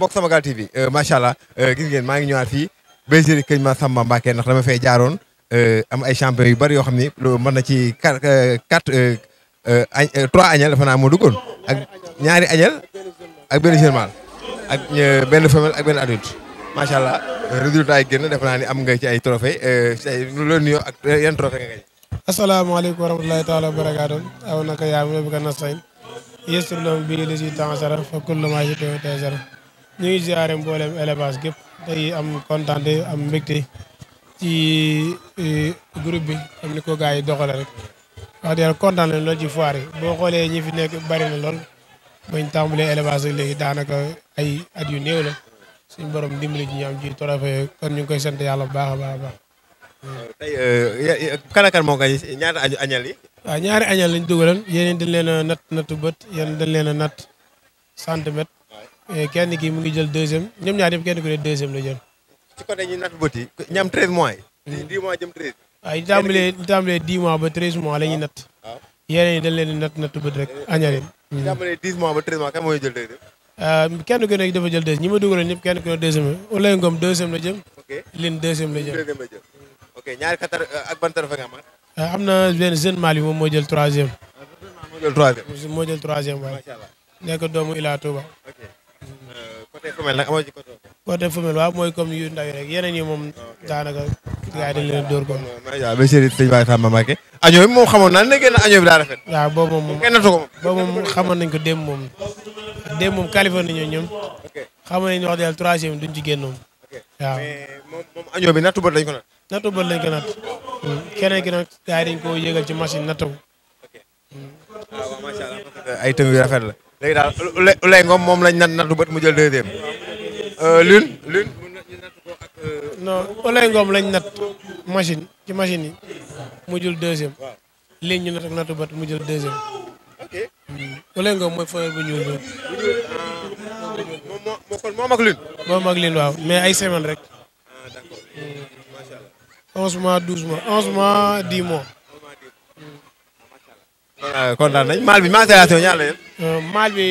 mbokk Samagal TV macha allah gis ngeen maa ngi ñëwaat fii bergerie Kër Massamba Mbacké ndax dama fay jaaroon am ay champion yu bari yoo xam ni lu mën na ci quatre quatre trois agnelle dafa naa ak ñaari agnelle ak benn jeune mâle ak benn femelle ak benn adulte macha allah résultat yi génn defe naa ni am nga ci ay trophée ci ay loolu ak yan trophée nga gañ asalaamaaleykum wa rahmatulahi wa barakaatu aw naka yaa bi ka nastayin yestur loom bii li si temps sara fa kullu ñu ngi ziare mboolem élevage gépp tey am kontaan am mbégte ci e, groupe bi am ni ko gaa yi doxale rek wax dëgg kontaan nañ lool ci foire yi boo xoolee ñi fi nekk bari na lool bañ tàmbalee élevage léegi daanaka ay at yu néew la suñ borom dimbali ji ñu am ci trophée kon ñu ngi koy sant yàlla bu baax a baax a baax. tey e, kan ak moo gañ ñaata añal yi. waaw ñaari añal lañ dugaloon yeneen dañ leen a natt nattu bët yeneen dañ leen a natt centimètre. Eh, kenn ki mu ngi jël deuxième ñoom ñaar ñëpp kenn ku ne deuxième la jël. ci côté ñi natt bët yi ñi am 13 mois yi. 10 hmm. mois jëm 13. waaw ñu tàmbalee ñu tàmbalee 10 mois ba 13 mois la ñuy natt. waaw ah. yeneen yi dañ leen di natt natt bët rek añari. ñu hmm. tàmbalee 10 mois ba 13 mois kan moo jël deuxième. Ah, kenn ku ne dafa jël deuxième ñi ma dugaloon ñëpp kenn ku ne deuxième la. Ouleye Ngom deuxième la jëm. ok Lin deuxième la jëm. deuxième la jëm ok ñaari xatar ak ban tarafa nga amaat. Ah, am na benn jeune Mali moom moo jël troisième. moo jël troisième. moo jël troisième waaye. nekk doomu Ila Touba côté femelle nag amoo ci côté. côté femelle waaw mooy comme yu ndaw yi rek yeneen yi moom. daanaka gars yi dañ leen dóor ko. waaw monsieur Sëñ Baye Tamba Mbacké. añoo bi moom xamoon na ne génn añoo bi daa rafet. waaw boobu moom moom kenn natu ko xamoon nañ ko démb moom démb moom Californie ñoom ñoom. ok xamoon nañ wax dëgg yàlla troisième duñ ci génn moom. waaw mais moom moom bi nattu bët lañ ko nat. nattu bët lañ ko nat. Hmm. keneen ki nag gars yi dañ ci machine nattu ko. ok ah, yu rafet la léegi daal Ulay Ngom moom lañ nat natu bët mu jël deuxième. Euh, lune lune. Euh, lañ nat machine ci machine yi mu jël deuxième. léegi ñu nat ak natu bët mu jël deuxième. ok Ulay hmm. mooy fooyee bu ñuul boobu. moom kon moom ak lune. waaw mais ay semaine rek. ah d'accord macha hmm. allah. onze mois douze mois onze Ah, kontaan nañ maal bi maceration ñaar la yéen euh, maal bi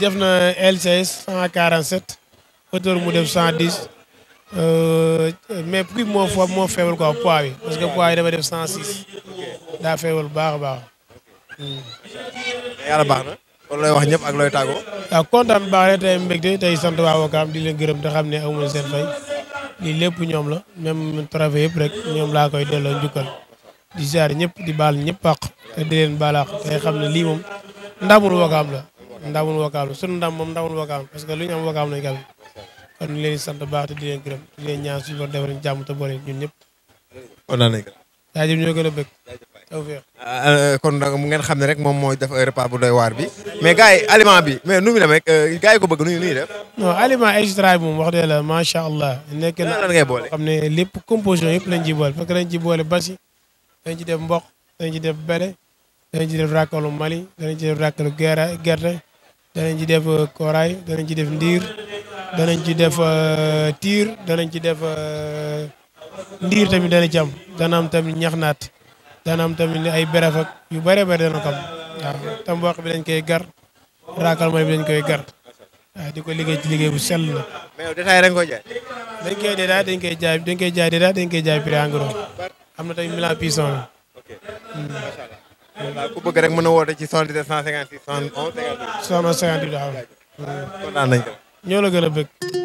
def na LCS 147 hauteur mu def 110 euh, mais prix moo fo moo faible ko poids bi parce que poids yi dafa def 106 daa faible baax a baax yàlla baax na kon looy wax ñëpp ak looy tàggoo waaw ah, kontaan baax rek tey mbégte tey sant waa Wakaam di leen gërëm te xam ne amul seen fay lii lépp ñoom la même travail yëpp rek ñoom laa koy delloo njukkal di jaar ñëpp di baal ñëpp àq te di leen baalaax xam ne lii moom ndamul wakaam la ndamul wakaam la sunu ndam moom parce que lu ñu am wakaam lañ gal kon ñu leen di sant baax te di leen gërëm di leen ñaan boole ñun ñëpp kon naa a bëgg euh, mu ngeen xam ne rek moom mooy def repas bu doy bi mais gars yi aliment bi mais nu mu demee euh, gars yi ko bëgg na xam ne lépp composition yëpp lañ ci boole parce que basi dañ ci def mbokk dañ ci def bene dañ ci def ràkkalu mali dañ ci def gera gerte dañ ci def koray euh, dañ ci def ndir dañ ci def euh, tir dañ ci def euh, ndir tamit dañ ci am dana am tamit ñaxnat dañ am tamit ay beref ak yu bare bare dana ko am tam mboq bi dañ koy gar rakal mali bi dañ koy gar di ko liggéey ci liggey bu sel la. mais detaay rek ko jaay. dañ koy détail dañ koy jaay dañ koy jaay dañ koy jaay pri en am na tey Milan Pison la. ok macha allah. ku bëgg rek mën a woote ci 77 156 71 58. 71 58 waaw. kontaan nañ ko. ñoo la gën a bëgg.